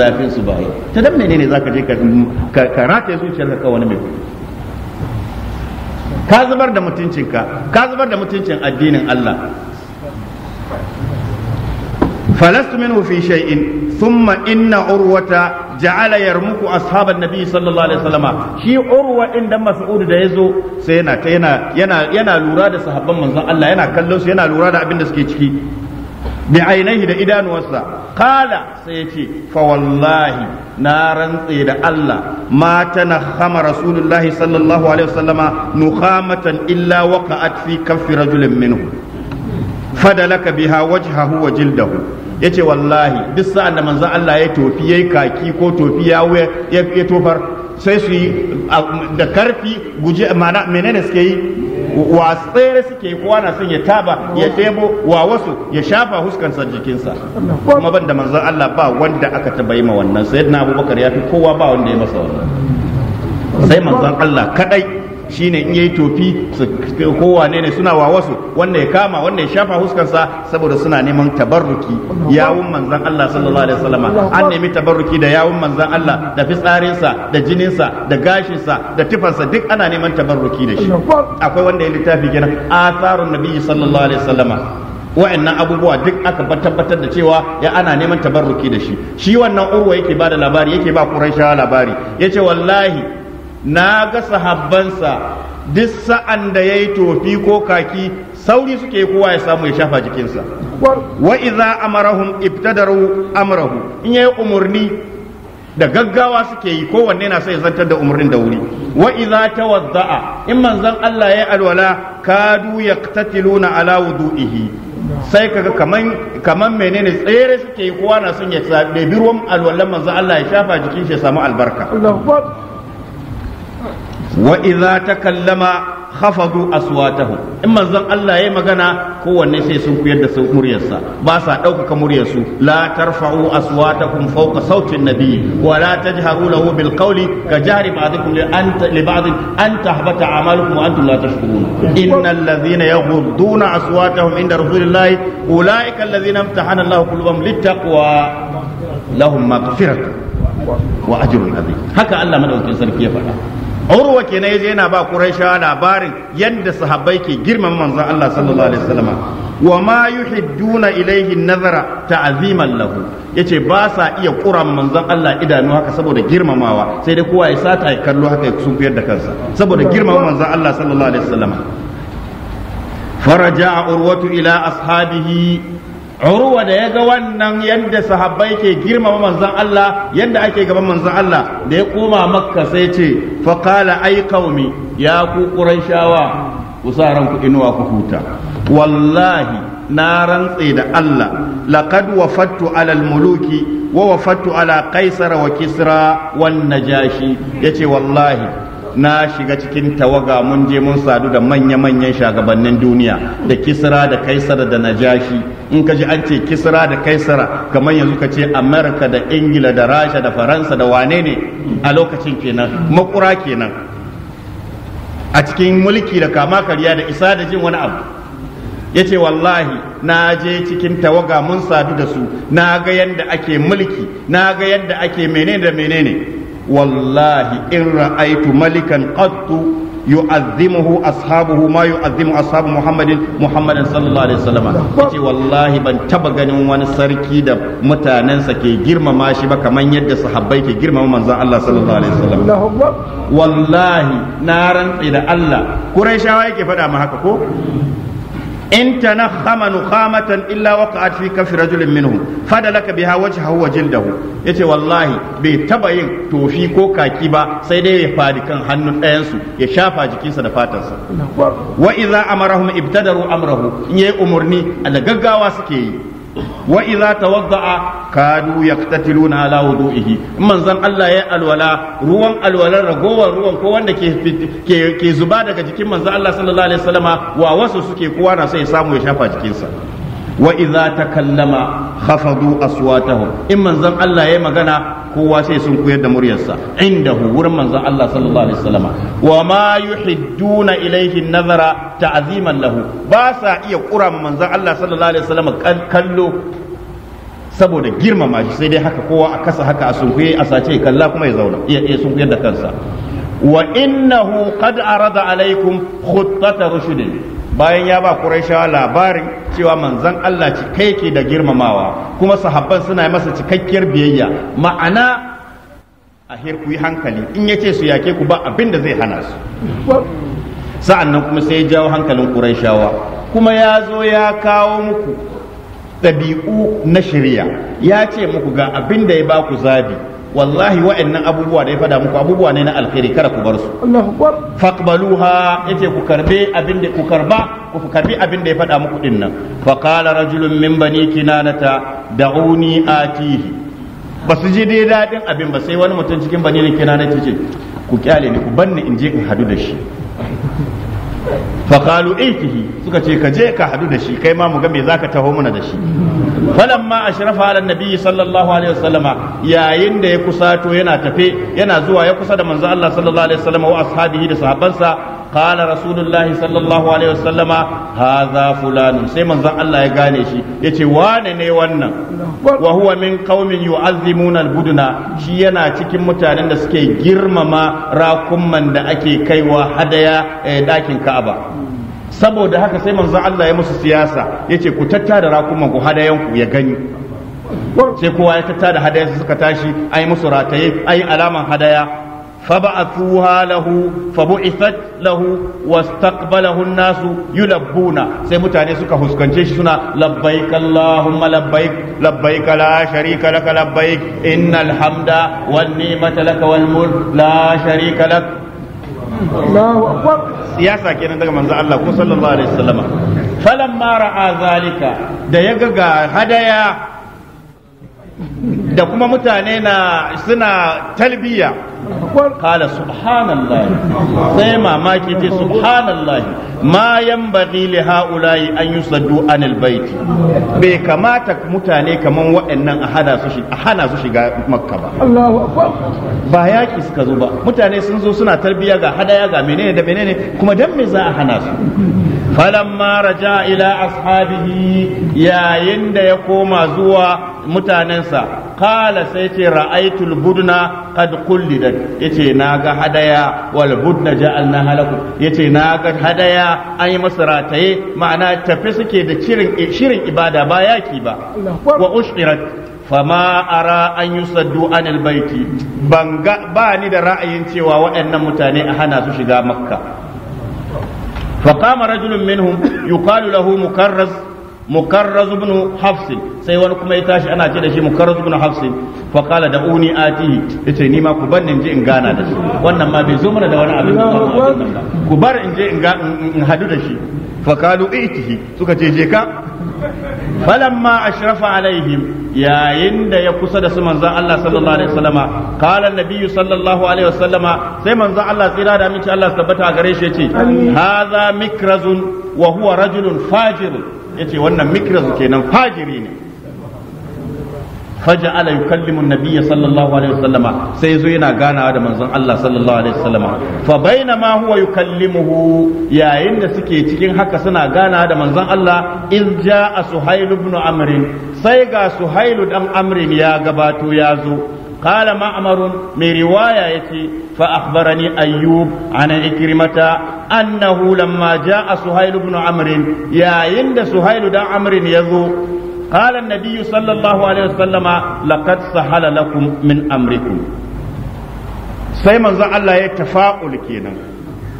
zafin su ba yi ta dan menene zaka je ka ka rataye zuciyarka ka wani mai ka zubar da mutuncinka ka zubar da mutuncin addinin Allah falastu minhu fi shay'in thumma inna urwata ja'ala yarmuku ashaban nabi sallallahu alaihi wasallama shi urwa din dan mas'ud da yazo sai yana yana yana lura da sahabban manzon Allah yana kallon su yana lura da abin da suke ciki bi ainihi da idanuwarsa kala sai ya ce fa wallahi na rantse da Allah ma tanakhama rasulullahi sallallahu alaihi wasallama nukhamatan illa waqa'at fi kaffi rajulin minhu fadalaka biha wajhahu wa jildahu yace wallahi duk sa'an da manzo Allah ya tofi yayi kaki ko tofi ya ya tofar sai su yi da karfi guje mana menene suke yi wa tsere suke kowa na son ya taba ya tebo wa wasu ya shafa huskansa jikinsa kuma ban da manzon Allah ba wanda aka taba yi ma wannan sayyidina Abubakar ya fi kowa ba wanda ya masa wannan sai manzon Allah kadai shine in yayi tofi su ne suna wa wasu wanda ya kama wanda ya shafa fuskarsa saboda suna neman tabarruki yawun Manzan Allah sallallahu alaihi wasallama an nemi tabarruki da yawun Manzan Allah da fitsarinsa da jininsa da gashinsa da tufansa duk ana neman tabarruki da shi akwai wanda ya littafi kenan atharun nabiyyi sallallahu alaihi wasallama wa'annan abubuwa duk aka tabbatar da cewa ya ana neman tabarruki da shi shi wannan urwa yake ba da labari yake ba quraishawa labari yace wallahi na ga sahabbansa duk sa'an da yi tofi ko kaki sauri suke kowa ya samu ya shafa jikinsa wa idza amarahum ibtadaru amrahu in yayi umurni da gaggawa suke yi kowanne na sai zantar da umarnin da wuri wa ta tawadda'a in manzon Allah ya alwala kadu yaqtatiluna ala wudu'ihi sai kaga kaman kaman menene tsere suke yi kowa na son ya tsabe ruwan alwalan manzon Allah ya shafa jikin shi ya samu albarka wa idza takallama hafadu aswatahum in manzon Allah yi magana kowanne sai sun kuyar da muryarsa ba sa ɗaukaka muryarsu la tarfa'u aswatakum fawqa sautin nabiyyi wa la tajharu lahu bil qawli ka jahri ba'dikum li anta li ba'd an tahbata a'malukum wa antum la tashkurun innal ladhina yaghudduna aswatahum inda rasulillahi ulaika alladhina imtahana Allahu qulubahum littaqwa lahum maghfiratun wa haka Allah madaukakin sarki ya faɗa urwa kenan yaje yana ba quraishawa labarin yadda sahabbai ke girmama manzon Allah sallallahu alaihi wasallam wa ma yuhidduna ilayhi nazara ta'ziman lahu yace ba sa iya kuran manzon Allah idanu haka saboda girmamawa sai dai kowa ya sata ya kallo haka ya sunkuyar da kansa saboda girmama manzon Allah sallallahu alaihi wasallam faraja urwatu ila ashabihi Urwa da ya ga wannan yadda sahabbai ke girmama manzon Allah yadda ake gaban manzon Allah da ya koma makka sai ce faqala ai qaumi ya ku shawa? ku sa ranku inuwa ku huta wallahi na rantse da Allah laqad wafattu ala al-muluki wa wafattu ala qaisara wa kisra wan najashi yace wallahi na shiga cikin tawaga mun je mun sadu da manya-manyan shagabannin duniya da kisra da kaisara da najashi in ka ji an ce kisra da kaisara kamar yanzu ka ce amerika da ingila da rasha da faransa da wane ne a lokacin kenan makura kenan a cikin mulki da kama karya da isa da jin wani abu ya ce wallahi na je cikin tawaga mun sadu da su na ga yadda ake mulki na ga yadda ake menene da menene wallahi in ra'aitu malikan qattu yu'azzimuhu ma yace wallahi ban taba ganin wani sarki da mutanensa ke girmama shi ba kamar yadda sahabbai ke girmama manzon Allah na rantsi da Allah quraishawa yake faɗa ma haka ko in tanakhama nukhamatan illa waqa'at fi kaffi rajulin minhum fadalaka biha wajhahu wa jildahu yace wallahi bai taba yin tofi ko kaki ba sai dai ya fadi kan hannun ɗayan su ya shafa jikinsa da fatarsa wa idza amarahum ibtadaru amrahu in yayi umurni a gaggawa suke yi wa idza tawadda'a kanu yaqtatiluna ala in manzon Allah ya alwala ruwan alwalar ragowar ruwan ko wanda ke ke, zuba daga jikin manzan Allah sallallahu alaihi wasallama wa wasu suke kowa na sai samu ya shafa jikinsa wa idza kallama khafadu aswatahum in manzon Allah yi magana kowa sai sun koyar da muryarsa indahu wurin manzon Allah sallallahu alaihi wasallam wa ma yuhidduna ilayhi nazara ta'ziman lahu ba sa iya kuran manzon Allah sallallahu alaihi wasallam kallo saboda girmama shi sai dai haka kowa a kasa haka a sunkuye a sace kalla kuma ya zauna iya iya sunkuyar da kansa wa hu kad arada alaikum khuttata rushdin bayan ya ba Qurayshawa labarin cewa manzon Allah ci kai ke da girmamawa kuma sahabban suna masa cikakkiyar biyayya ma'ana a ku yi hankali in ya ce su yake ku ba abin da zai hana su sa'an nan kuma sai ya jawo hankalin Qurayshawa kuma ya zo ya kawo muku ɗabi'u na shirya ya ce muku ga abin da ya ba ku zabi wallahi wa'annan abubuwa da ya fada muku abubuwa ne na alkhairi kada ku bar su faqbaluha yace ku karbe abin da ku karba ku karbi abin da ya fada muku din nan fa qala rajulun min bani kinanata da'uni atihi basu ji dai dadin abin ba sai wani mutum cikin bani kinanata ce ku kyale ni ku banni in je in hadu da shi faƙalu itihi eh, suka ce ka je ka hadu da shi kai ma mu ga me zaka taho mana da shi falamma ashrafa ala nabiyyi sallallahu alaihi wasallama yayin da ya kusato yana tafe yana zuwa ya kusa da manzo Allah sallallahu alaihi wasallama wa ashabihi da sahabbansa qala rasulullahi sallallahu alaihi wasallama hadha fulanun sai manzon Allah ya gane shi yace wane ne wannan wa huwa min qaumin yu'azzimuna shi yana cikin mutanen da suke girmama rakumman da ake kaiwa hadaya dakin eh, Ka'aba saboda haka sai manzon Allah ya musu siyasa yace ku tattara rakumman ku hadayanku ya gani sai kowa ya tattara su suka tashi ai musu rataye ai alaman hadaya فبعثوها له فبعثت له واستقبله الناس يلبون sai mutane suka huskance shi suna labbaik allahumma labbaik labbaik la sharika lak labbaik innal hamda wan ni'mata lak wal mulk la sharika lak Allahu akbar siyasa kenan daga manzo Allah ko sallallahu alaihi wasallam falamma ra'a zalika da yaga ga da kuma mutane na suna talbiya kala subhanallah sai mamaki ce subhanallah ma yanbaghi li haula'i an yi yusaddu an baiti bai kamata mutane kamar waɗannan a hana su shiga makka ba ba yaki suka zo ba mutane sun zo suna talbiya ga hadaya ga menene da menene kuma dan me za a hana su falamma raja ila ashabihi yayin da ya koma zuwa mutanensa kala sai ce ra'aitul budna qad kullidat yace naga hadaya wal budna ja'alna halaku yace naga hadaya an yi masa rataye ma'ana tafi suke da shirin ibada ba yaki ba wa ushirat fama ara an yi saddu anil baiti ba ni da ra'ayin cewa waɗannan mutane a hana su shiga makka فقام رجل منهم يقال له مكرز مكرز بن حفص sai wani kuma ya tashi ana ce da shi mukarraz ibn hafs fa qala da uni atihi yace ni ma ku bar in je in gana da shi wannan ma bai zo mana da wani ku bar in in hadu da shi fa suka ce je ka falamma ashrafa alaihim yayin da ya kusa da su manzon Allah sallallahu alaihi wasallama qala annabiyyu sallallahu alaihi wasallama sai manzon Allah tsira da miki Allah tabbata gare shi yace hadha mikrazun wa huwa rajulun fajir yace wannan mikraz kenan fajiri ne فجعل يكلم النبي صلى الله عليه وسلم سيزو ينا غانا da manzon Allah sallallahu alaihi wasallam fa bainama huwa yukallimuhu yayin da suke cikin haka suna gana da manzon Allah in ja suhailu ibn amr sai ga suhailu dan amr ya gabato ya zo قال معمر من رواية فأخبرني أيوب عن إكرمة أنه لما جاء سهيل بن عمرو يا يند dan amrin ya zo. قال النبي صلى الله عليه وسلم لقد سهل لكم من أمركم sai manzon Allah ya tafa'ul kenan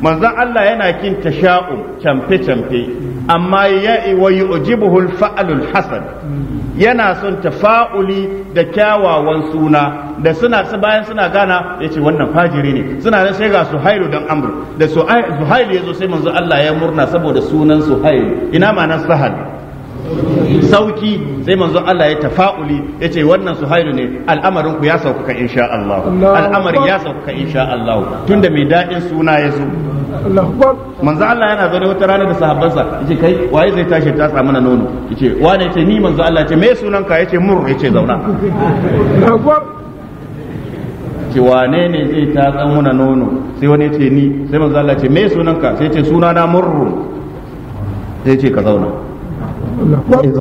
manzon Allah yana kin tasha'u camfe camfe amma ya wa yu'jibuhu al-fa'lul hasan yana son tafa'uli da kyawawan suna da suna bayan suna gana yace wannan fajiri ne suna nan sai ga Suhailu dan Amr da Suhailu yazo sai manzon Allah ya murna saboda sunan Suhailu ina ma nan sahal sauki sai manzo Allah ya tafa'uli ya ce wannan suhailu ne al'amarin ku ya sauƙaƙa insha Allah al'amarin ya sauƙaƙa insha Allah tunda mai daɗin suna ya zo manzo Allah yana zaune wata rana da sahabbansa yace kai waye zai tashi ta samu na nono yace wane yace ni manzo Allah yace me sunan ka yace mur yace zauna ce wane ne zai ta samu na nono sai wani yace ni sai manzo Allah yace me sunan ka sai yace suna na murru sai yace ka zauna los cuatro